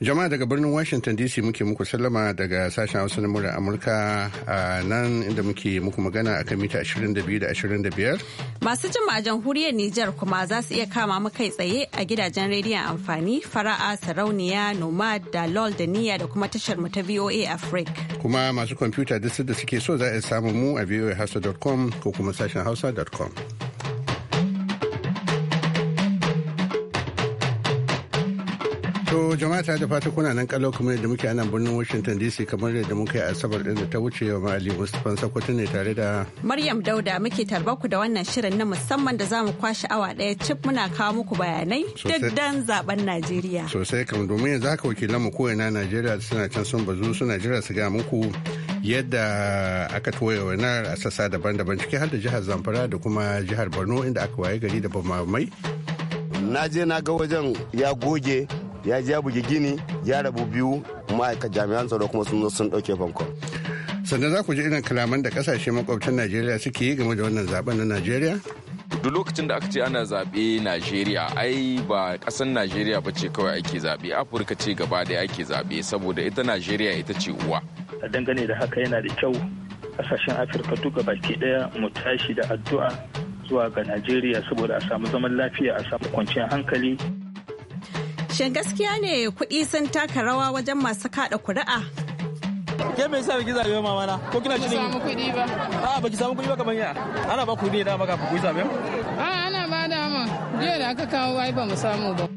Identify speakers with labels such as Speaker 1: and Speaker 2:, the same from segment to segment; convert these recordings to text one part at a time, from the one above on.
Speaker 1: jama'a daga birnin washington dc muke muku sallama daga sashen hausa na murar amurka a nan inda muke muku magana a kan mita 22 da 25
Speaker 2: masu jin a jamhuriyar nijar kuma za su iya kama mu kai tsaye a gidajen rediyon amfani fara'a sarauniya nomad da lol da niyya da kuma tashar mu ta voa africa
Speaker 1: kuma masu kwamfuta duk da suke so za a samu mu a voahausa.com ko kuma sashen hausa.com To jama'a ta da fata kuna nan kalau kuma yadda muke a nan birnin Washington DC kamar yadda muka yi asabar din da ta wuce wa Ali Mustapha sakwato ne tare da
Speaker 2: Maryam Dauda muke tarba ku da wannan shirin na musamman da zamu kwashi awa daya cif muna kawo muku bayanai duk dan zaben Najeriya.
Speaker 1: Sosai kam domin yanzu haka wakilan mu na Najeriya suna can sun bazu suna jira su ga muku yadda aka toye wani a sassa daban-daban ciki har da jihar Zamfara da kuma jihar Borno inda aka waye gari da bamamai.
Speaker 3: Na je na ga wajen ya goge ya ji ya bugi gini ya rabu biyu ma'aikatan jami'an tsaro kuma sun zo sun ɗauke banko.
Speaker 1: sannan za ku ji irin kalaman da kasashe makwabtan najeriya suke yi game da wannan zaben na najeriya
Speaker 3: duk
Speaker 4: lokacin da aka ce ana zaɓe najeriya ai ba ƙasar najeriya ba ce kawai ake zaɓe afirka ce gaba da ake zaɓe saboda ita najeriya ita ce uwa
Speaker 5: A dangane da haka yana da kyau ƙasashen afirka duka baki ɗaya mu tashi da addu'a zuwa ga najeriya saboda a samu zaman lafiya a samu kwanciyar hankali
Speaker 2: Shin gaskiya ne kuɗi sun taka rawa wajen masu kaɗa kuri'a? Ke me yasa baki zabe mama na?
Speaker 5: Ko kina shirin? Ba samu kuɗi ba. ba baki samu kuɗi ba kamar ya. Ana ba kuɗi da maka kuɗi zabe?
Speaker 6: A'a ana ba da mu Jiya da aka kawo wai ba mu samu ba.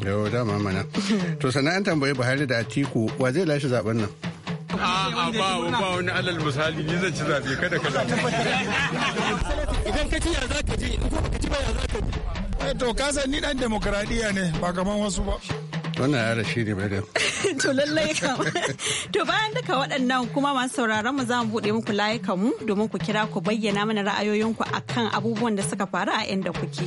Speaker 1: Yau mama na To sana'an tambaye Buhari da Atiku wa zai lashe zaben nan? A'a ba ba wani alal
Speaker 3: misali ni zan ci zabe kada ka Idan ka ci ya zaka ji, in ka ci ba ya zaka
Speaker 2: ji. Eh, to kasan ni dan
Speaker 3: demokradiyya ne ba kaman wasu ba
Speaker 1: wannan yara shi ne da.
Speaker 2: to lallai to bayan duka waɗannan kuma masu sauraron mu za mu buɗe muku layukan mu domin ku kira ku bayyana mana ra'ayoyinku akan abubuwan da suka faru a inda kuke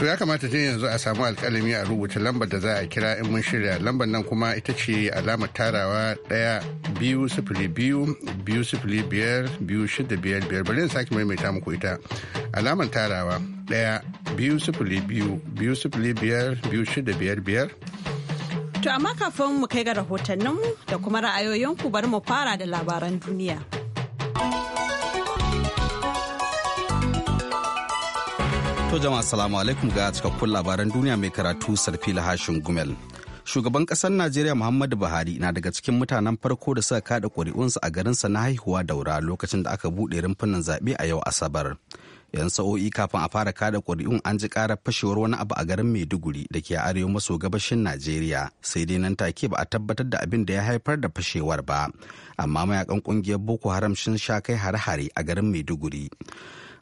Speaker 1: to ya kamata dai yanzu a samu alƙalami a rubuta lambar da za a kira in mun shirya lambar nan kuma ita ce alamar tarawa ɗaya biyu sifili biyu biyu sifili biyar biyu shida biyar biyar bari sake maimaita muku ita alamar tarawa ɗaya biyu sifili biyu biyu sifili biyar biyu shida biyar biyar
Speaker 2: To amma kafin mu kai ga rahotanninmu da kuma ra'ayoyinku bari mu fara da labaran duniya.
Speaker 4: To jama'a salamu alaikum ga cikakkun labaran duniya mai karatu sarfila hashin gumel. Shugaban ƙasar Najeriya Muhammadu Buhari na daga cikin mutanen farko da suka kada ƙuri'unsa a garinsa na haihuwa daura lokacin da aka buɗe rumfunan zaɓe a yau Asabar. Yan sa'o'i kafin a fara kada ƙuri'un an ji ƙarar fashewar wani abu a garin Maiduguri da ke arewa maso gabashin Najeriya sai dai nan take ba a tabbatar da abin da ya haifar da fashewar ba. Amma mayakan ƙungiyar Boko Haram sun sha kai hare-hare a garin Maiduguri.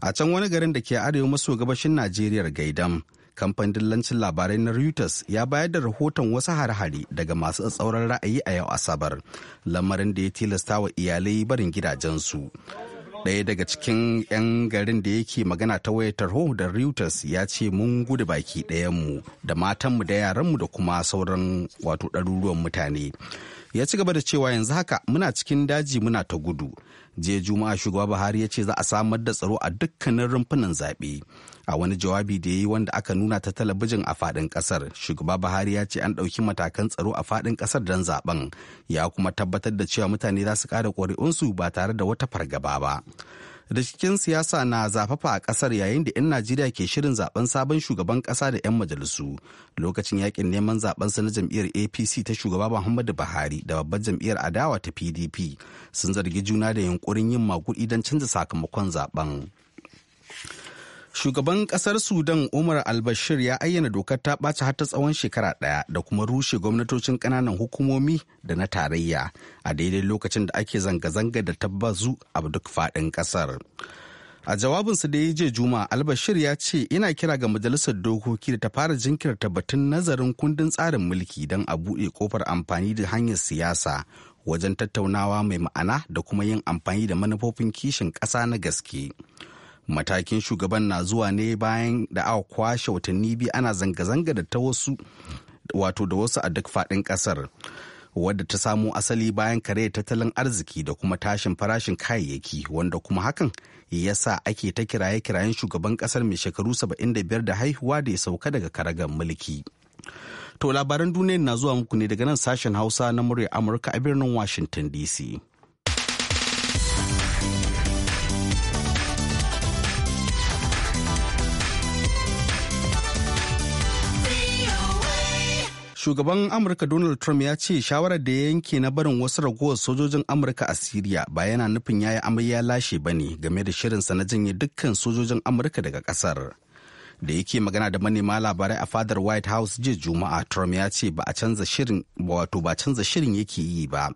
Speaker 4: a can wani garin da ke arewa maso gabashin najeriya gaidam kamfanin dillancin labarai na reuters ya bayar da rahoton wasu hare-hare daga masu tsauran ra'ayi a yau asabar lamarin da ya tilasta wa iyalai barin gidajensu ɗaya daga cikin 'yan garin da yake magana ta wayar tarho da reuters ya ce mun gudu baki mu, da matanmu da yaranmu da kuma sauran wato ɗaruruwan mutane ya ci gaba da cewa yanzu haka muna cikin daji muna ta gudu jiya juma'a shugaba buhari ya ce za a samar da tsaro a dukkanin rumfunan zaɓe a wani jawabi da ya yi wanda aka nuna ta talabijin a faɗin ƙasar shugaba buhari ya ce an ɗauki matakan tsaro a faɗin ƙasar don zaɓen ya kuma tabbatar da cewa mutane za su ƙara ƙuri'unsu ba tare da wata fargaba ba rikicin siyasa na zafafa a kasar yayin da 'yan najeriya ke shirin zaben sabon shugaban kasa da 'yan majalisu lokacin yakin neman zaben su na jam'iyyar apc ta shugaba muhammadu buhari da babbar jam'iyyar adawa ta pdp sun zargi juna da yunkurin yin maguɗi don canza sakamakon zaben. Shugaban kasar Sudan Umar al-Bashir ya ayyana dokar ta ɓaci har ta tsawon shekara ɗaya da kuma rushe gwamnatocin ƙananan hukumomi da na tarayya a daidai lokacin da ake zanga-zanga da tabbazu a duk faɗin ƙasar. A jawabinsa da ya je Juma, Albashir ya ce ina kira ga majalisar dokoki da ta fara jinkirta batun nazarin kundin tsarin mulki don a buɗe kofar amfani da hanyar siyasa wajen tattaunawa mai ma'ana da kuma yin amfani da manufofin kishin ƙasa na gaske. matakin shugaban na zuwa ne bayan da aka kwashe watanni biyu ana zanga-zanga da ta wasu wato da wasu a duk faɗin ƙasar wadda ta samo asali bayan kare tattalin arziki da kuma tashin farashin kayayyaki wanda kuma hakan ya sa ake ta kiraye-kirayen shugaban ƙasar mai shekaru 75 da haihuwa da ya sauka daga karagar mulki. To labaran duniya na zuwa muku ne daga nan sashen Hausa na murya Amurka a birnin Washington DC. shugaban amurka donald trump ya ce shawarar da ya yanke na barin wasu ragowar sojojin amurka a siriya ba yana nufin ya yi amarya lashe ba ne game da shirin sa na janye dukkan sojojin amurka daga kasar da yake magana da manema labarai a fadar white house jiya juma'a trump ya ce ba a wato ba canza shirin yake yi ba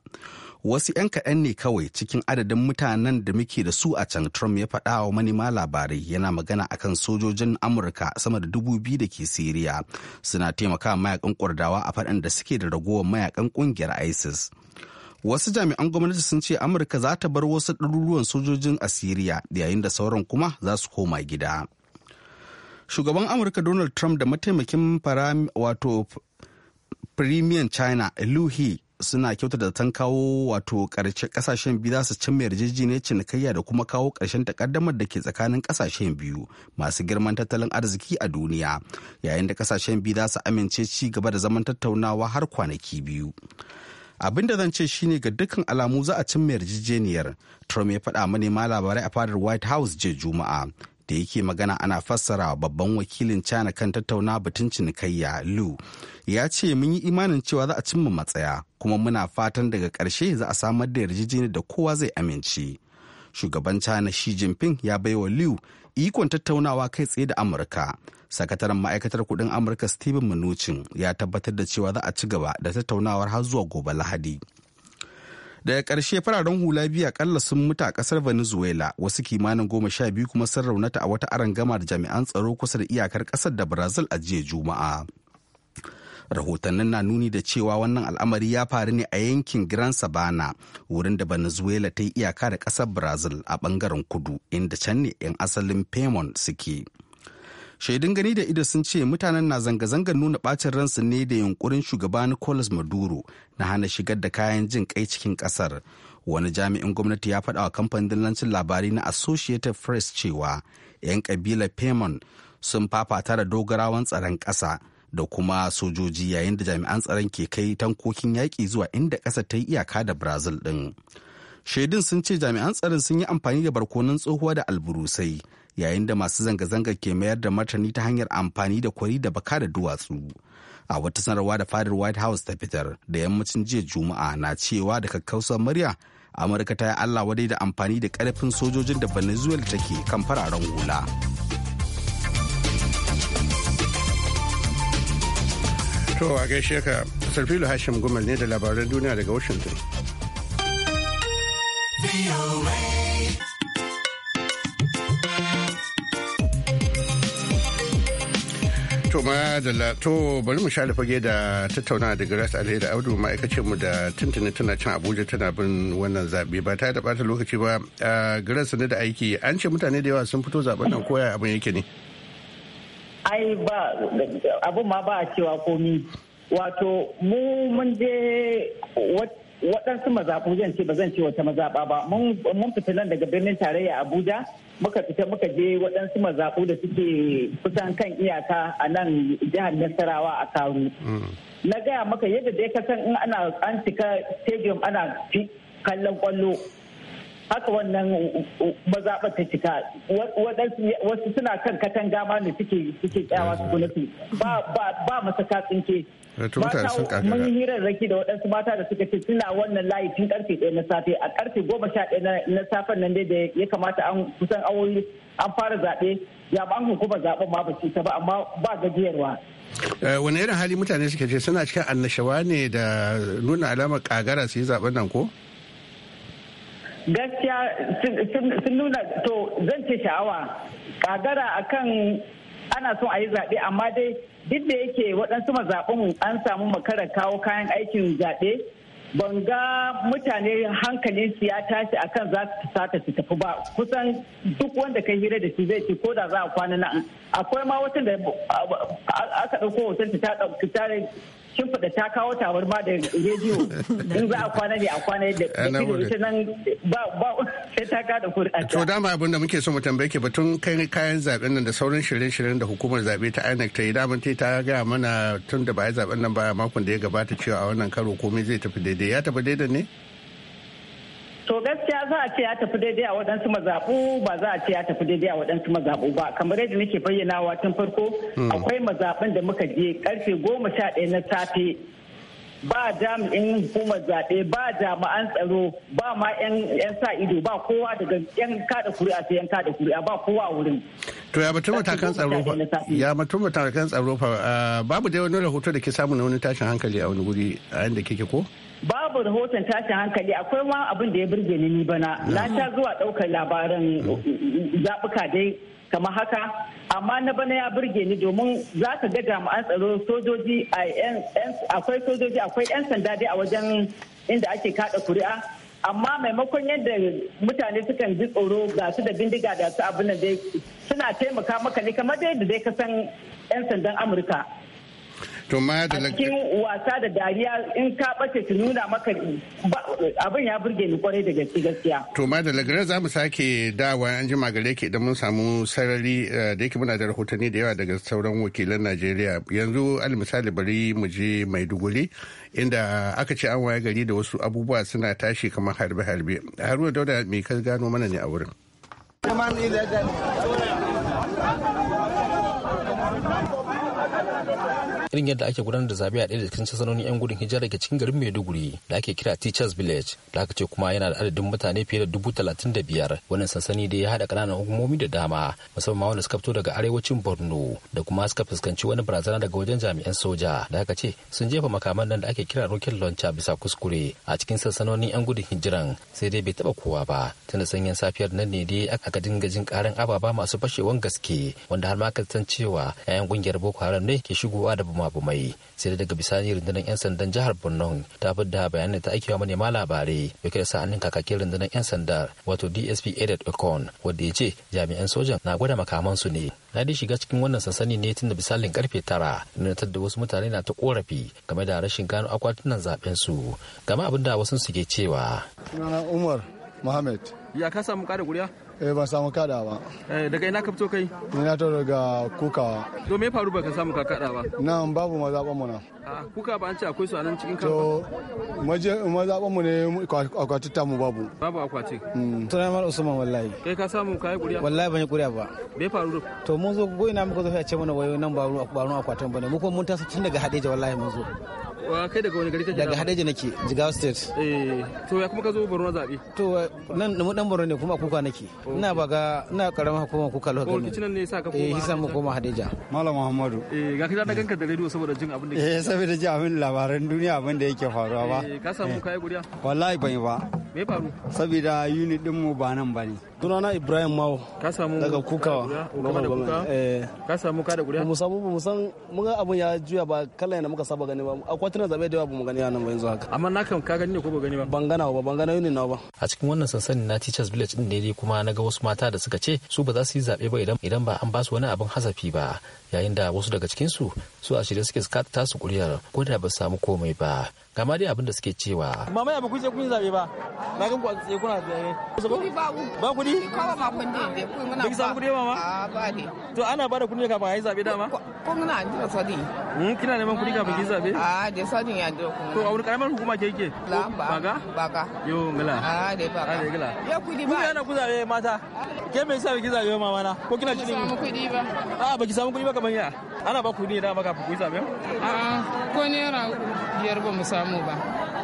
Speaker 4: wasu 'yan kaɗan ne kawai cikin adadin mutanen da muke da su a can trump ya faɗa wa manema labarai yana magana akan sojojin amurka sama da dubu biyu da ke siriya suna taimaka mayakan kurdawa a faɗin da suke da ragowar mayakan ƙungiyar isis wasu jami'an gwamnati sun ce amurka za ta bar wasu ɗaruruwan sojojin a siriya yayin da sauran kuma za su koma gida shugaban amurka donald trump da mataimakin wato Premium China Lu He suna kyautata zaton kawo wato ƙarshe ƙasashen biyu za su cimma yarjejeniyar cinikayya da kuma kawo ƙarshen takaddamar da ke tsakanin ƙasashen biyu masu girman tattalin arziki a duniya yayin da ƙasashen biyu za su amince ci gaba da zaman tattaunawa har kwanaki biyu. abin da zan ce shine ga dukkan alamu za a cimma yarjejeniyar trump ya faɗa manema labarai a fadar white house je juma'a da yake magana ana fassara babban wakilin china kan tattauna batun cinikayya lu ya ce mun yi imanin cewa za a cimma matsaya kuma muna fatan daga ƙarshe za a samar da yarjejeniyar da kowa zai amince shugaban china shi jinping ya wa Lu ikon tattaunawa kai tsaye da amurka sakataren ma'aikatar kudin amurka steven mnuchin ya tabbatar da cewa za a ci gaba da tattaunawar har zuwa gobe lahadi daga ƙarshe fararen hula biyu akalla sun mutu a ƙasar venezuela wasu kimanin goma sha biyu kuma sun raunata a wata arangama da jami'an tsaro kusa da iyakar ƙasar da brazil a jiya juma'a rahotannin na nuni da cewa wannan al'amari ya faru ne a yankin gran sabana wurin da venezuela ta yi iyaka da ƙasar brazil a ɓangaren kudu inda can ne 'yan asalin pemon suke shaidun gani da ido sun ce mutanen na zanga-zangar nuna bacin ransu ne da yunkurin shugaba nicolas maduro na hana shigar da kayan jin kai cikin kasar wani jami'in gwamnati ya faɗa wa kamfanin dillancin labari na associated press cewa 'yan kabilar pemon sun fafata da dogarawan tsaron ƙasa da kuma sojoji yayin da jami'an tsaron ke kai tankokin yaƙi zuwa inda ƙasa ta yi iyaka da brazil ɗin shaidun sun ce jami'an tsaron sun yi amfani da barkonon tsohuwa da alburusai yayin da masu zanga-zanga ke mayar da martani ta hanyar amfani da kwari da baka da duwatsu a wata sanarwa da fadar white house ta fitar da yammacin jiya juma'a na cewa da kakkausar murya amurka ta yi allah wadai da amfani da karfin sojojin da venezuela take kan fararen hula
Speaker 1: to a gaishe ka sarfilu hashim gumal ne da labaran duniya daga washington to ma da to bari mu sha fage da tattauna da grace alheri audu ma'aikacin mu da tuntuni tana cin abuja tana bin wannan zabe ba ta da bata lokaci ba grace ne da aiki an ce mutane da yawa sun fito zaben nan koya abin yake ne
Speaker 7: ai ba abun ma ba a cewa komi wato mu mun je waɗansu mazaɓu zan ce ba zan ce wata mazaɓa ba mun fita nan daga birnin tarayya abuja muka fita muka je waɗansu mazaɓu da suke kusan kan iyaka a nan jihar nasarawa a karu mm. na gaya maka yadda dai kasan in ana an cika stadium ana kallon kwallo haka wannan mazaɓa ta cika wasu suna kan katanga ma ne suke suke tsayawa su ba ba masaka tsinke Eh, mun yi hirar raki da waɗansu mata da suka ce suna wannan layi tun karfe ɗaya na safe a karfe goma sha ɗaya na safen nan dai da ya kamata an kusan awoyi an fara zaɓe an hukuma zaɓen ma ba ta ba amma ba gajiyarwa.
Speaker 1: Eh, wani irin hali mutane suke ce suna cikin annashawa ne da nuna alamar kagara su yi zaɓen nan ko? gaskiya
Speaker 7: sun nuna to zan ce sha'awa kagara akan ana son a yi zaɓe amma dai duk da yake waɗansu mazaɓin an samu makarar kawo kayan aikin zaɓe ban ga mutane hankali su ya tashi akan za su sata su tafi ba kusan duk wanda ka hira da shi zai ci ko da za a kwana na akwai ma wata da aka ɗauko hoton ta shimfiɗa ta kawo ma da rediyo in za a kwana ne a kwana da ah, filo nan ba ba sai ta kada
Speaker 1: kuri'a to dama abin da muke so mu tambaye ke batun kai kayan zaben nan da sauran shirye-shiryen da hukumar zabe ta INEC ta yi daman ta ta ga mana tun da ba ya zaben nan ba makon da ya gabata cewa a wannan karo komai zai tafi daidai ya tafi daidai ne
Speaker 7: To gaskiya za a ce ya tafi daidai a waɗansu mazaɓu ba za a ce ya tafi daidai a waɗansu mazaɓu ba kamar yadda nake bayyanawa tun farko hmm. akwai mazaɓin da muka je karfe goma sha ɗaya na safe ba jami'in hukumar zaɓe ba jami'an tsaro ba ma 'yan sa ido ba kowa daga 'yan kada kuri'a sai 'yan kada kuri'a ba kowa a wurin.
Speaker 1: To ya batun matakan tsaro fa ya batun matakan tsaro fa ah, babu dai wani rahoto da ke samu na wani tashin hankali a wani guri a yanda
Speaker 8: kike ko?
Speaker 7: babu rahoton tashin hankali akwai ma abin da ya burge ni bana na ta zuwa daukar labaran zabuka dai kama haka amma na bana ya burge ni domin za ka ga jami'an tsaro sojoji akwai sojoji akwai 'yan sanda dai a wajen inda ake kada kuri'a amma maimakon yadda mutane sukan ji tsoro ga su da bindiga da su abin da dai suna taimaka maka ne kamar da yadda dai ka san 'yan sandan amurka to ma da cikin wasa da dariya in ka bace ki nuna maka abin ya burge ni kwarai da gaske gaskiya
Speaker 1: to ma da lagare za mu sake dawa an jima gare ki idan mun samu sarari eh, da yake muna da rahotanni da yawa daga sauran wakilan Najeriya yanzu al misali bari mu je Maiduguri inda aka ce an waye gari da wasu abubuwa suna tashi kamar harbe-harbe Haruna Dauda me ka gano mana ne a wurin
Speaker 7: Come on,
Speaker 5: irin yadda ake gudanar da zabe a ɗaya da cikin sansanonin 'yan gudun hijira ke cikin garin Maiduguri da ake kira Teachers Village da aka ce kuma yana da adadin mutane fiye da dubu talatin da biyar wannan sansani da ya haɗa ƙananan hukumomi da dama musamman wanda suka fito daga arewacin Borno da kuma suka fuskanci wani barazana daga wajen jami'an soja da aka ce sun jefa makaman nan da ake kira rocket launcher bisa kuskure a cikin sansanonin 'yan gudun hijiran sai dai bai taɓa kowa ba tunda sanyin safiyar nan ne dai aka dinga jin ƙarin ababa masu fashewan gaske wanda har ma ka san cewa 'ya'yan ƙungiyar Boko Haram ne ke shigowa da kuma abu mai sai da daga bisani rundunar 'yan sandan jihar borno ta fidda bayanai da ta aikewa manema labarai dauke da sa'anin kakakin rundunar 'yan sanda wato dsp edad ocon wanda ya ce jami'an sojan na gwada makaman su ne na dai shiga cikin wannan sansani ne tun da misalin karfe tara na da wasu mutane na ta korafi game da rashin gano akwatunan zaben su game abin da wasu suke cewa umar Mohammed. Ya ka samu kare kuriya?
Speaker 3: eh ban samu kada ba eh,
Speaker 5: daga ina ka fito kai ni
Speaker 3: na taho daga kukawa
Speaker 5: to me faru baka samu ka kada ba
Speaker 3: nan babu mazaban mu na
Speaker 5: ah, kuka ba an ce akwai su anan cikin kan to
Speaker 3: mazaban mu ne akwati ta mu babu
Speaker 5: babu akwati
Speaker 3: mm. na mar
Speaker 5: usman wallahi kai ka samu kai kuriya wallahi ban yi kuriya ba me faru to mun zo ko ina muka zo a ce mana wayo nan ba ruwan akwatin bane mu ko mun taso tun daga hadeja wallahi mun zo kai daga wani gari kake daga hadaji nake jigawa state eh to ya kuma ka zo borno zabe to nan mu dan borno ne kuma
Speaker 8: kuka nake ina ga ina karamar hukumar kuka lokacin ko oh, kicinan ne sa ka koma eh hisa mu koma hadaja malam muhammadu
Speaker 5: eh ga kida da ganka da radio saboda jin abin da eh saboda
Speaker 8: jin abin labaran duniya abin da yake faruwa ba eh ka samu kai guriya wallahi ban yi ba Me faru? Saboda unit din mu ba nan bane. Sunana Ibrahim Mawo. Ka samu daga Kukawa. Eh. Ka samu ka da
Speaker 9: kuriya?
Speaker 5: Mu samu mu san mun ga abun ya juya ba kallon yana muka saba gani ba. Akwai tunan zabe da yawa mu gani nan ba yanzu haka. Amma na kan ka gani ne ko ba gani ba? Ban gana ba ban gana unit na ba. A cikin wannan sansanin na Teachers Village din daidai kuma na ga wasu mata da suka ce su ba za su yi zabe ba idan idan ba an ba su wani abin hasafi ba. Yayin da wasu daga cikinsu su a shirye suke su tasu kuriyar ko da ba su samu komai ba. kamar dai abin da suke cewa. Mama ba ku kun zabe ba. Na gan ku a tsaye kuna zabe. Kudi ba ku. Ba kudi? Kawai ma kun je ku kun Ba Kin samu kudi ma? A ba ne. To ana ba da kudi kafin a yi zabe dama? Ko muna jira sadi. Mun hmm, kina neman kudi kafin ki zabe? A
Speaker 7: da sadin ya jira
Speaker 5: kun. To a wurin karamar hukuma ke yake? ba ga Yo ngala. A da baga. A da ngala.
Speaker 6: Ya kudi ba.
Speaker 7: Ku yana
Speaker 5: ku zabe mata. Ke me yasa ki zabe mama na? Ko kina cikin? Ba samu kudi ba. A ba ki samu kudi ba kamar ya. Ana ba kudi da maka ku zabe?
Speaker 7: a ko naira uku.
Speaker 5: ba mu samu ba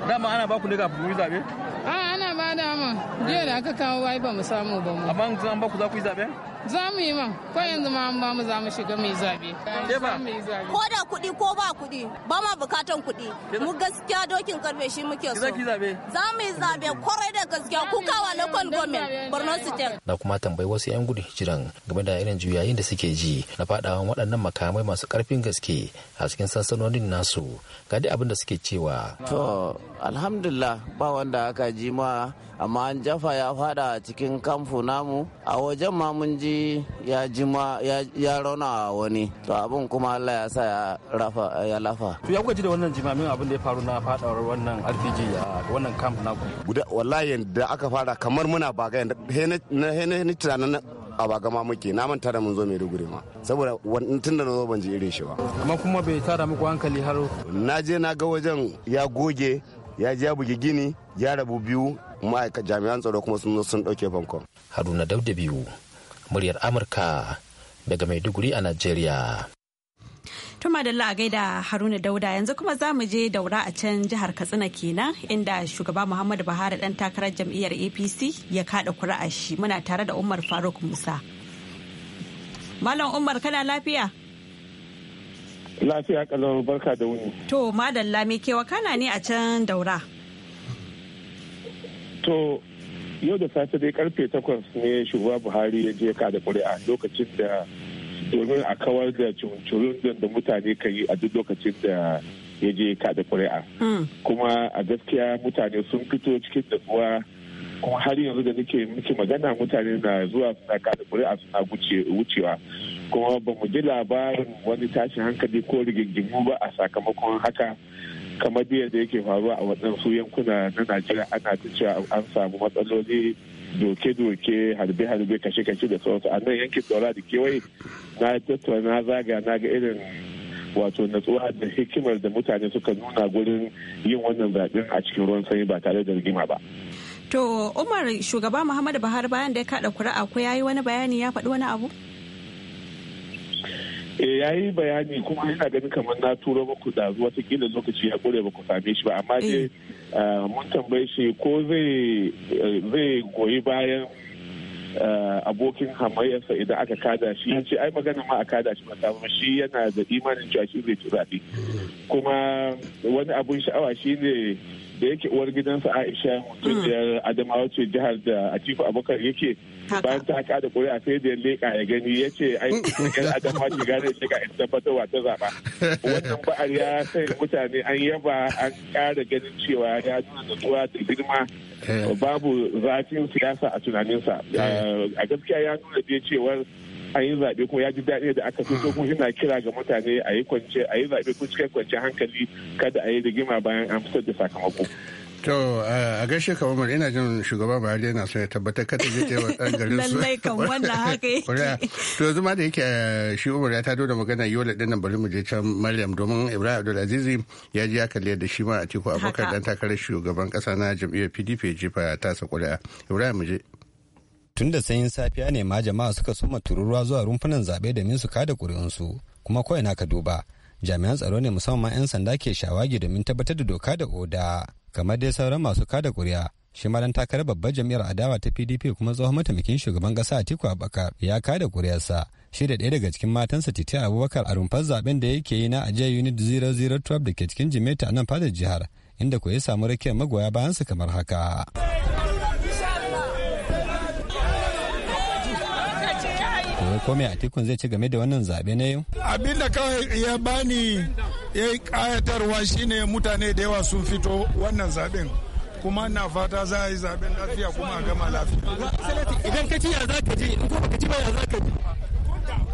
Speaker 5: dama ana ba ku ne ga ku zabe
Speaker 6: a ah, ana ba dama jiya da aka kawo wai ba mu samu ba mu amma yanzu an ba ku za ku yi zabe Za mu yi man, ko yanzu ma an ba mu za mu shiga mai zabe.
Speaker 2: Ko da kuɗi ko ba kuɗi, ba ma bukatan kuɗi. Mu gaskiya dokin karfe shi muke so. Za mu yi zabe kwarai da gaskiya kuka wa kwan gomen Borno State.
Speaker 5: Na kuma tambayi wasu 'yan gudun hijiran game da irin juyayin da suke ji na faɗawan waɗannan makamai masu ƙarfin gaske a cikin sansanonin nasu. Ga dai abin da suke cewa.
Speaker 7: To, alhamdulillah ba wanda aka ji ma amma an jafa ya faɗa cikin kamfu namu a wajen ma mun ji ji ya jima ya rauna wani to abin kuma Allah ya sa ya rafa ya lafa
Speaker 5: to ya kuka ji da wannan jimamin abin da ya faru na fadawar
Speaker 3: wannan RPG a wannan camp ku guda wallahi da aka fara kamar muna baga yanda ni tunanin a ba gama muke na manta da mun zo Maiduguri ma saboda tun da na zo ban ji irin shi ba amma kuma bai tara muku hankali har na je na ga wajen ya goge ya ji ya bugi gini ya rabu biyu ma'aikatan jami'an tsaro kuma sun zo sun dauke fankon haruna dauda biyu
Speaker 5: muryar amurka daga maiduguri a najeriya
Speaker 2: Tuma da a gaida Haruna Dauda yanzu kuma za mu je daura a can jihar Katsina kenan inda shugaba Muhammadu Buhari dan takarar jam'iyyar APC ya kada kuri'a shi muna tare da Umar Faruk Musa. Malam Umar kana lafiya?
Speaker 9: Lafiya kalau barka da wuni.
Speaker 2: To madalla me ke wakana ne a can daura?
Speaker 9: To yau da safe dai karfe takwas ne shugaba buhari ya je ka da ƙuri'a lokacin da domin a kawar da curin da mutane ka yi a duk lokacin da ya je ka da ƙuri'a hmm. kuma a gaskiya mutane sun fito cikin natsuwa kuma har yanzu da nake miki magana mutane na zuwa suna kada kuri'a suna wucewa kuma ba mu ji labarin wani tashin hankali ko rigingimu ba a sakamakon haka kamar yadda yake faruwa a waɗansu yankuna na najeriya ana ta cewa an samu matsaloli doke-doke harbe-harbe kashe-kashe da sauransu a nan yankin daura da kewaye na tattauna zaga na ga irin wato natsuwa da hikimar da mutane suka nuna gurin yin wannan zaɓen a cikin ruwan sanyi ba tare da rigima ba.
Speaker 2: To Umar shugaba Muhammadu Buhari bayan da ya kaɗa kuri'a ko ya yi wani bayani ya faɗi wani abu?
Speaker 9: eh ya yi bayani kuma yana ganin kamar na turo muku da watakila lokaci ya kure ba same shi ba amma eh. dai ah, mun tambaye shi ko zai goyi bayan ah, abokin hamayyarsa idan aka kada shi ya ce ai magana ma a kada shi ba shi yana da imanin cewa shi zai ci zaɓe kuma wani abun sha'awa shi ne da yake uwar gidansa aisha mutumiyar adamawa ce jihar da atiku abubakar yake bayan ta da a sai da leƙa ya gani ya ce ai yan adamawa ce gane leƙa in wa ta zaba wannan ba'ar ya sai mutane an yaba an ƙara ganin cewa ya nuna da girma eh. babu zafin siyasa a tunaninsa eh. a gaskiya ya nuna da cewar A yi zaɓe kuma ya ji daɗi da aka fito kuma ina kira ga mutane a yi kwance a yi zaɓe ko cikin kwance hankali kada a yi rigima bayan an fitar da sakamako.
Speaker 1: To a gaishe ka Umar ina jin shugaba Buhari yana son ya tabbatar kada zai taimaka ɗan garin su. Lallai kan wannan haka yake. To yanzu ma da yake shi Umar ya tado da magana yola ɗin nan bari mu je can Maryam domin Ibrahim azizi ya ji ya kalli da shi ma a tiku abokan dan takarar shugaban ƙasa na jam'iyyar PDP ya jefa sa ƙuri'a. Ibrahim mu je.
Speaker 8: tun da sanyin safiya ne ma jama'a suka soma tururuwa zuwa rumfunan zaɓe domin su kada ƙuri'unsu kuma kawai naka duba jami'an tsaro ne musamman 'yan sanda ke shawagi domin tabbatar da doka da oda kamar dai sauran masu kada ƙuri'a shi ma dan takarar babbar jam'iyyar adawa ta pdp kuma tsohon mataimakin shugaban ƙasa atiku abubakar ya kada ƙuri'arsa shi da ɗaya daga cikin matansa titi abubakar a rumfar zaben da yake yi na ajiyar unit 0012 da ke cikin jimeta a nan fadar jihar inda ku ya samu rakiyar magoya bayan su kamar haka. wai kome a tikun zai ci game da wannan zaɓe na yau
Speaker 3: abinda kawai ya bani ya yi ƙayatarwa shine mutane da yawa sun fito wannan zaɓen kuma na fata za a yi zaɓen lafiya kuma a gama lafiya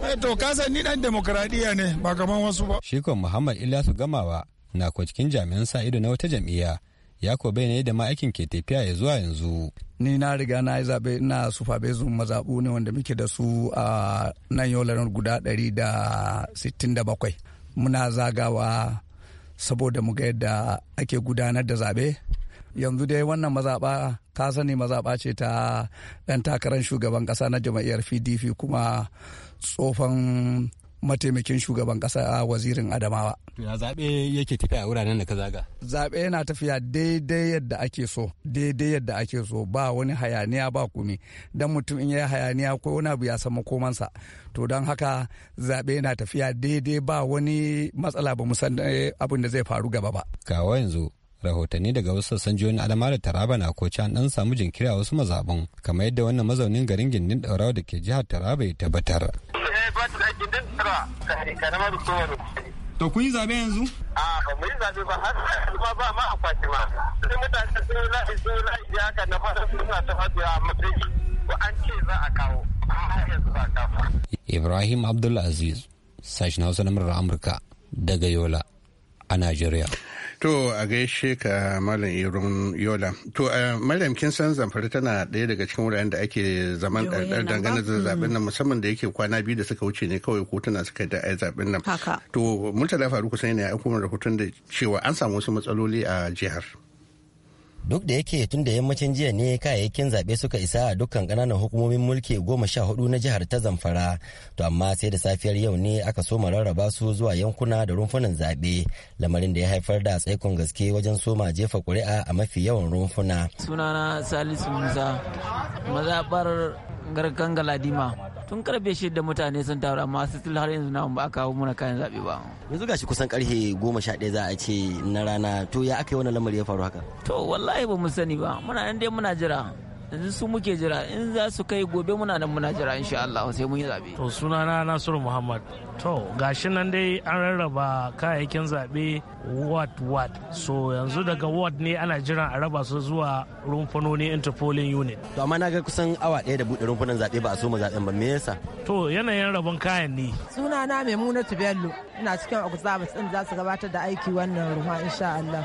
Speaker 8: eh ni dan demokradiya ne ba kaman wasu ba shikon muhammad ilyasu gamawa na cikin jami'an sa ido na wata jam'iyya ya ko ne da ma'aikin ke tafiya ya zuwa yanzu. Ni na riga na yi zaɓe ina sufa bezun mazaɓu ne wanda muke da su a nan yau guda ɗari da
Speaker 6: sittin da bakwai. Muna zagawa saboda mu ga yadda ake gudanar da zaɓe. Yanzu dai wannan mazaɓa ta sani mazaɓa ce ta ɗan takarar shugaban ƙasa na jam'iyyar PDP kuma tsofan mataimakin shugaban kasa a wazirin adamawa
Speaker 3: ya zaɓe yake tafiya a wuraren da ka zaga
Speaker 6: zaɓe yana tafiya daidai yadda ake so daidai yadda ake so ba wani hayaniya ba kumi don mutum in yi hayaniya ko wani abu ya samu komansa to don haka zaɓe yana tafiya daidai ba wani matsala ba mu san eh, abin da zai faru gaba ba
Speaker 8: kawo yanzu rahotanni daga wasu sassan jihohin adama da taraba na koci an dan samu jinkiri a wasu mazaɓun kamar yadda wannan mazaunin garin gindin daurawa da ke jihar taraba ya tabbatar ya
Speaker 7: ba ta aikin din
Speaker 8: hukumar to kun yi zabe yanzu
Speaker 9: a ba mu yi zabe ba har ba ma a kwaci ma sai mutane sun la'i sun la'i da na fara suna ta fadiya a matsayi ko an ce za a kawo har
Speaker 8: Ibrahim Abdulaziz sashen Hausa na Amurka daga Yola a Najeriya. To a gaishe ka
Speaker 1: Malam Irun Yola. To a Maryam kin san zamfara tana ɗaya daga cikin wuraren da ake zaman ɗarɗar eh, dangane da mm. zaben nan musamman da yake kwana biyu da suka wuce ne kawai kotuna suka da ai zaɓen nan. To Murtala Faruku sai ne ya aiko rahoton da cewa an samu wasu matsaloli a jihar.
Speaker 10: duk da yake tun da yammacin jiya ne kayayyakin zaɓe suka isa a dukkan ƙananan hukumomin mulki goma sha hudu na jihar ta zamfara to amma sai da safiyar yau ne aka soma rarraba su zuwa yankuna da rumfunan zaɓe lamarin da ya haifar da tsaikon gaske wajen soma jefa ƙuri'a a mafi yawan rumfuna
Speaker 7: sunana salisu musa mazaɓar garkan galadima tun karfe shida mutane sun taru amma still har yanzu na ba a kawo muna
Speaker 10: kayan zaɓe ba yanzu gashi kusan karfe goma sha ɗaya za a ce na rana to ya aka yi wani lamari ya faru haka
Speaker 7: to wallahi wallahi ba mu sani ba muna nan dai muna jira yanzu su muke jira in za su kai gobe muna nan muna jira insha Allah sai mun yi zabe to sunana Nasiru Muhammad to gashi nan dai an rarraba kayayyakin zabe ward ward so yanzu daga ward ne ana jiran a raba su zuwa rumfunoni interpolin unit
Speaker 10: to amma na ga kusan awa ɗaya da buɗe rumfunan zabe ba a so mu zaben ba me yasa to yanayin rabon kayan ne
Speaker 7: sunana Maimunatu Bello ina cikin examples din za su gabatar da aiki wannan ruwa insha Allah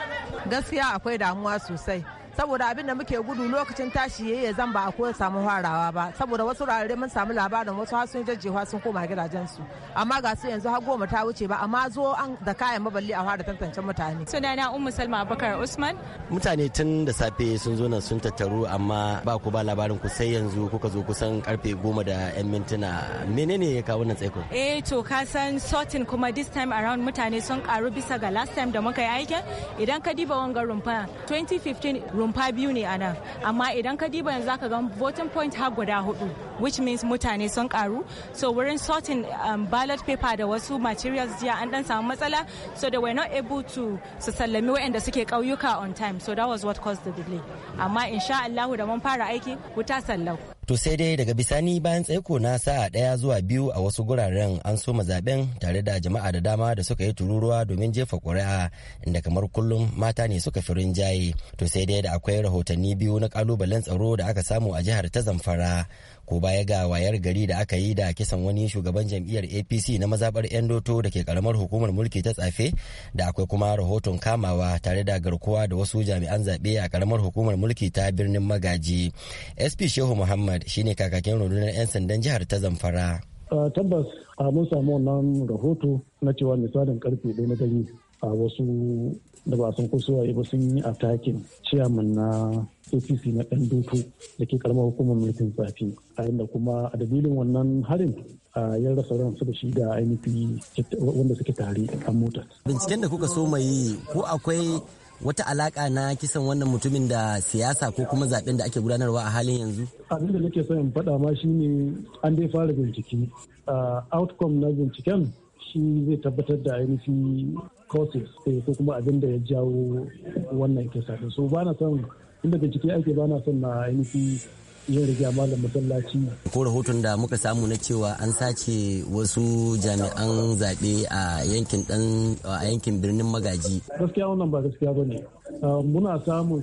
Speaker 7: gaskiya akwai damuwa sosai saboda abin da muke gudu lokacin tashi yayi ya zan ba a koya samu harawa ba saboda wasu rarare mun samu labarin wasu har sun jajjewa sun koma gidajensu amma ga su yanzu har goma
Speaker 2: ta wuce ba amma zo an da kayan maballi a fara tantance mutane sunana ummu salma abubakar usman
Speaker 10: mutane tun da safe sun zo nan sun tattaru amma ba ku ba labarin ku sai yanzu kuka zo kusan karfe goma da yan mintuna menene ya kawo nan tsaiko
Speaker 2: eh to ka san sorting kuma this time around mutane sun karu bisa ga last time da muka yi aikin idan ka diba wangan rumfa 2015 rumfa biyu ne a nan amma idan ka diba yanzu ka ga voting point har guda hudu which means mutane sun karu so wurin sorting um, ballot paper da wasu materials jiya an dan samu matsala so they were not able to su sallami waɗanda suke ƙauyuka on time so that was what caused the delay amma insha Allah da mun fara aiki wuta sallau
Speaker 10: To sai dai daga bisani bayan tsaiko na sa'a ɗaya zuwa biyu a wasu guraren an soma zaben tare da jama'a da dama da suka yi tururuwa domin jefa ƙuri'a inda kamar kullum mata ne suka fi rinjaye. To sai dai da akwai rahotanni biyu na ƙalubalen tsaro da aka samu a jihar ta Zamfara ko baya ga wayar gari da aka yi da kisan wani shugaban jam'iyyar apc na mazabar endoto da ke karamar hukumar mulki ta tsafe da akwai kuma rahoton kamawa tare da garkuwa da wasu jami'an zaɓe a karamar hukumar mulki ta birnin magaji sp shehu muhammad shine kakakin rundunar 'yan sandan jihar ta zamfara
Speaker 7: tabbas a mun samu wannan rahoto na cewa misalin karfe ɗaya na gani a wasu da ba sun wa ba sun yi atakin ciyaman na apc na ɗan doto da ke karamar hukumar mulkin zafi. a inda kuma a dalilin wannan harin a yan rasa ran su da shi da ainihi
Speaker 10: wanda suke tare a mota. binciken da kuka so mai ko akwai wata alaka na kisan wannan mutumin da siyasa ko kuma zaben da ake gudanarwa a halin yanzu? abin da nake son in faɗa
Speaker 7: ma shine an dai fara bincike outcome na binciken shi zai tabbatar da ainihin causes eh, ko kuma abin da ya jawo wannan kisa da so ba na son inda da ciki ake ba na son na ainihin yin rigya malam masallaci.
Speaker 10: Ko rahoton da muka samu na cewa an sace wasu jami'an zaɓe a yankin birnin magaji.
Speaker 7: Gaskiya wannan ba gaskiya ba ne. Eh, muna samun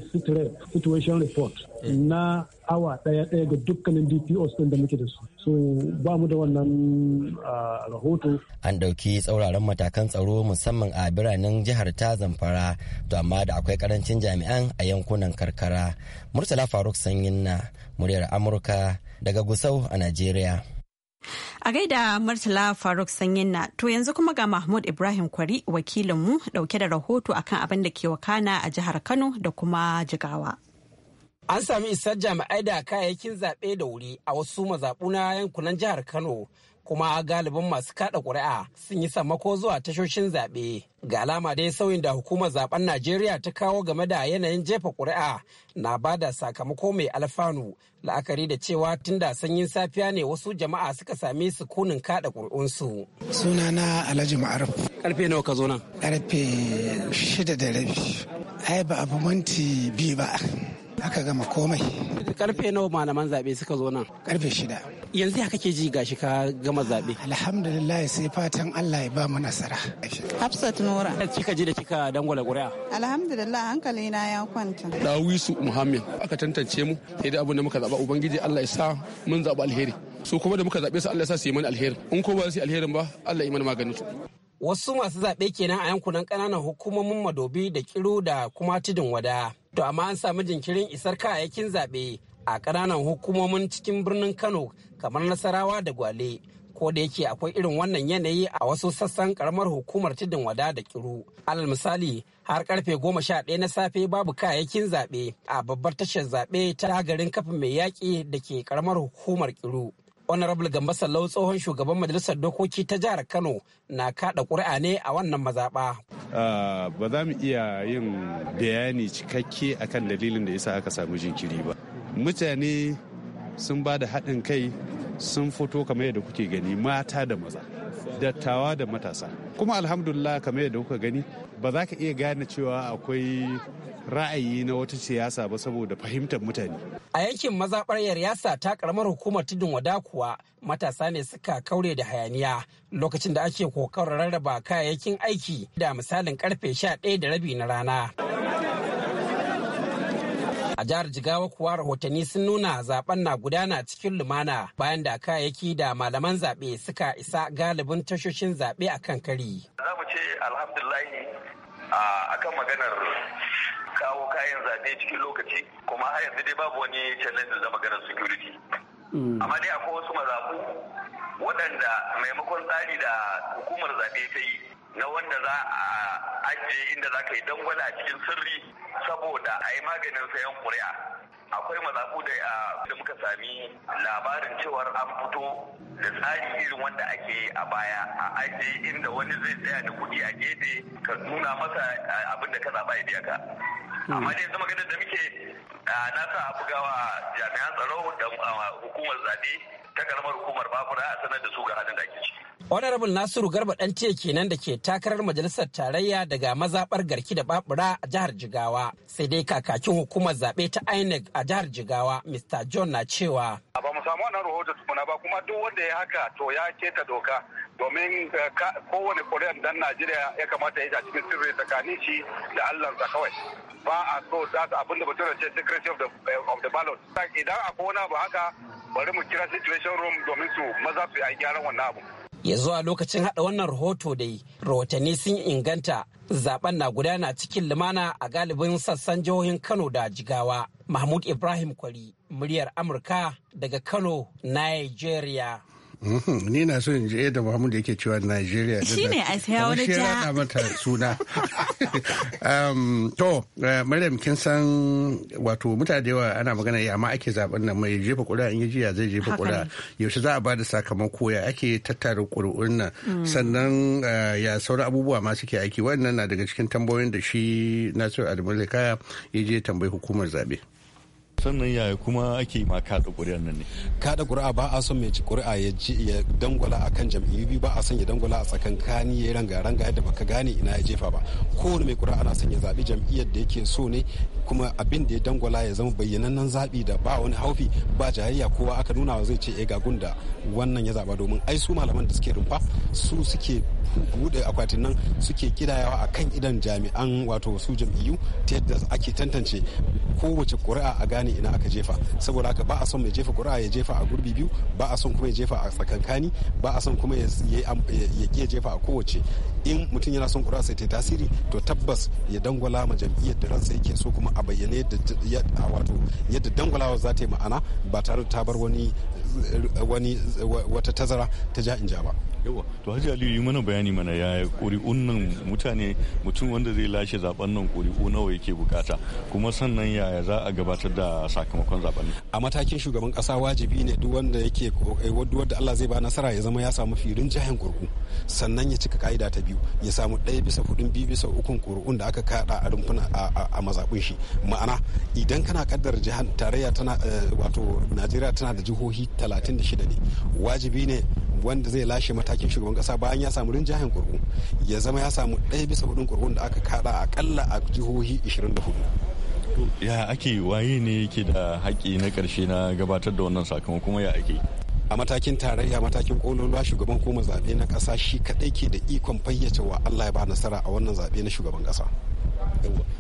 Speaker 7: situation report na awa daya daya ga dukkanin dpos din da muke da su so ba mu da wannan eh, rahoto
Speaker 10: an ɗauki tsauraran matakan tsaro musamman a biranen jihar ta zamfara to amma da akwai karancin jami'an a yankunan karkara murtala faruk sanyin na muryar amurka daga gusau a najeriya
Speaker 2: A gaida Murtala Faruk Sanyinna to yanzu kuma ga Mahmud Ibrahim Kwari wakilinmu dauke da rahoto akan abin da ke wakana a jihar Kano da kuma Jigawa.
Speaker 6: An sami isar jami'ai da kayayyakin zaɓe da wuri a wasu mazaɓuna yankunan jihar Kano kuma galibin masu kada ƙuri'a sun yi sammako zuwa tashoshin zaɓe. Ga alama dai sauyin da hukumar zaben Najeriya ta kawo game da yanayin jefa ƙuri'a na ba da sakamako mai alfanu la'akari da cewa tun da sanyin safiya ne wasu jama'a suka sami sukunin kada ƙuri'unsu. Sunana Alhaji Ma'aruf. Karfe nawa ka zo nan? Karfe shida da rabi. Ai ba abu manti biyu ba. aka gama komai karfe nawa malaman zaɓe suka zo nan karfe shida yanzu ya kake ji gashi ka gama zaɓe alhamdulillah sai fatan allah ya ba mu nasara hafsat nura. kika ji da kika dangwala ƙuri'a
Speaker 2: alhamdulillah hankali na ya kwanta
Speaker 6: dawisu Muhammad aka tantance mu sai da abin da muka zaɓa ubangiji allah ya sa mun
Speaker 3: zaɓa alheri su kuma da muka zaɓe su allah ya sa su yi mana alheri in ko ba su yi alherin ba allah ya yi mana maganin su
Speaker 6: wasu masu zaɓe kenan a yankunan ƙananan hukumomin madobi da kiro da kuma tudun wada to amma an samu jinkirin isar kayayyakin zaɓe a ƙananan hukumomin cikin birnin kano kamar nasarawa da gwale ko da yake akwai irin wannan yanayi a wasu sassan karamar hukumar tudun wada da kiru alal misali har karfe goma sha ɗaya na safe babu kayayyakin zaɓe a babbar tashar zaɓe ta garin kafin mai yaƙi da ke karamar hukumar kiru honorable gamba sallau tsohon shugaban majalisar dokoki ta jihar kano na kada ƙuri'a ne a wannan mazaɓa. Ah, ba za mu iya yin bayani
Speaker 3: cikakke akan dalilin da yasa aka samu jinkiri ba mutane sun ba da haɗin kai sun fito kamar yadda kuke gani mata da maza dattawa da matasa kuma alhamdulillah kamar yadda kuka gani ba za ka iya gane cewa akwai ra'ayi na wata siyasa ba saboda fahimtar mutane.
Speaker 6: A yankin mazaɓar Yaryasa ta ƙaramar hukumar tudun wada kuwa matasa ne suka kaure da hayaniya lokacin da ake kokawar rarraba kayayyakin aiki da misalin karfe ɗaya da rabi na rana. A jihar Jigawa kuwa rahotanni sun nuna zaben na gudana cikin lumana bayan da kayayyaki da malaman zaɓe suka isa galibin tashoshin zaɓe a kan kari. Za mu ce alhamdulahi akan maganar kawo
Speaker 1: kayan zaɓe cikin lokaci kuma har yanzu dai babu wani challenge zama maganar security mm.
Speaker 10: amma dai akwai wasu mazaɓu waɗanda maimakon tsari da hukumar zaɓe ta yi na wanda za a ajiye inda za ka yi dangwala a cikin sirri saboda a yi maganin sayan ƙuri'a akwai mazaɓu da muka sami labarin cewar an fito da tsari irin wanda ake a baya a ajiye inda wani zai tsaya da kuɗi a gefe ka nuna masa abin da ka zaɓa ya biya ka amma hmm. dai yanzu maganar da muke na sa a bugawa jami'an tsaro da hukumar zaɓe ta karamar hukumar babura a sanar da su ga halin da ake ciki.
Speaker 6: Honorable Nasiru Garba ɗan ce kenan da ke takarar majalisar tarayya daga mazaɓar garki da babura a jihar Jigawa. Sai dai kakakin hukumar zaɓe ta INEC a jihar Jigawa, Mr. John na cewa. Ba mu samu wannan rahoto tukuna ba kuma duk wanda ya haka to
Speaker 3: ya keta doka domin eh, kowane koren dan Najeriya ya kamata ya cikin sirri tsakanin shi da Allah kawai. ba a so za su abin da mutum ce secretary of the, eh, of the ballot idan a kona ba haka
Speaker 6: bari mu kira situation room domin su maza su yi gyaran wannan abu ya zuwa lokacin hada wannan rahoto dai rahotanni sun inganta zaben na gudana cikin lumana a galibin sassan jihohin kano da jigawa mahmud ibrahim kwari muryar amurka daga kano nigeria
Speaker 1: Mhm, ni na so in je da Muhammad yake cewa Najeriya shi ne a sai wani ja mata suna um, to eh, Maryam kin san wato mutane da yawa ana magana ya ma ake zaben nan mai jefa kuri'a in yaji ya zai jefa kuri'a yaushe za a bada sakamako ya ake tattara kuri'un nan hmm. sannan eh, ya sauran abubuwa ma suke aiki wannan na daga cikin tambayoyin da shi Nasiru Adamu Kaya ya je tambayi hukumar zabe sannan yaya kuma ake ma kada ƙuri'a nan ne kada ƙuri'a
Speaker 3: ba a son mai ƙuri'a ya ji ya dangwala a kan jam'iyyu biyu ba a son ya dangwala a kani ya yi ranga-ranga yadda baka gane ina ya jefa ba kowane mai ƙuri'a na son ya zaɓi jam'iyyar da yake so ne kuma abin da ya dangwala ya zama bayyanannen zaɓi da ba wani haufi ba jayayya kowa aka nuna wa zai ce e ga gunda wannan ya zaɓa domin ai su malaman da suke rumfa su suke bude akwatin nan suke kidayawa a kan idan jami'an wato su jam'iyyu ta yadda ake tantance kowace ƙuri'a a gane ina aka jefa saboda haka ba a son mai jefa ƙuri'a ya jefa a gurbi biyu ba a son kuma ya jefa a tsakankani ba a son kuma ya ya jefa a kowace in mutum yana son kura sai ta tasiri to tabbas ya dangwala ma jam'iyyar da ransa yake so kuma a bayyane yadda wato yadda dangwalawa za ta yi ma'ana ba tare da ta bar wani wani wata tazara ta ja in ja ba yawa to haji aliyu yi mana bayani mana ya ƙuri'un nan mutane mutum wanda zai lashe zaben nan ƙuri'u nawa yake bukata kuma sannan yaya za a gabatar da sakamakon zaben a matakin shugaban kasa wajibi ne duk wanda yake eh, wadda Allah zai ba nasara ya zama ya samu firin jahen gurgu sannan ya cika ka'ida ta biyu biyu ya samu ɗaya bisa kuɗin biyu bisa ukun ƙuri'un da aka kaɗa a rumfuna a mazaɓin shi ma'ana idan kana kaddara jihar tarayya tana eh, wato najeriya tana da jihohi 36 ne wajibi ne wanda zai lashe matakin shugaban kasa bayan ya samu rinjayen kurkun ya zama ya samu ɗaya bisa hudun kurkun da aka kada akalla a jihohi 24 ya ake waye ne yake da haƙƙi na ƙarshe na gabatar da wannan sakamakon ya ake a matakin tarayya matakin kololuwa shugaban hukumar zaɓe na ƙasa shi kaɗai ke da ikon fayyace wa Allah ya ba nasara a wannan zaɓe na shugaban ƙasa.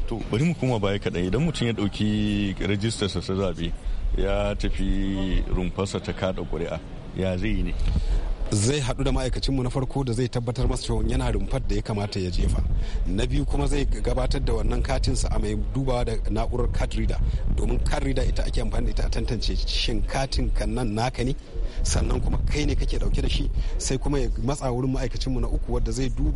Speaker 3: To bari mu kuma baya kaɗai idan mutum ya ɗauki rajistarsa ta zaɓe ya tafi rumfarsa ta kaɗa ƙuri'a ya zai yi ne. zai haɗu da mu na farko da zai tabbatar masa cewa yana rumfar da ya kamata ya jefa na biyu kuma zai gabatar da wannan katinsa a mai dubawa da na'urar card reader domin card reader ita ake amfani da ita a tantance shin katin kan nan naka ne
Speaker 9: sannan kuma kai ne kake dauke da shi sai kuma ya matsa wurin ma'aikacin mu na uku wadda zai duba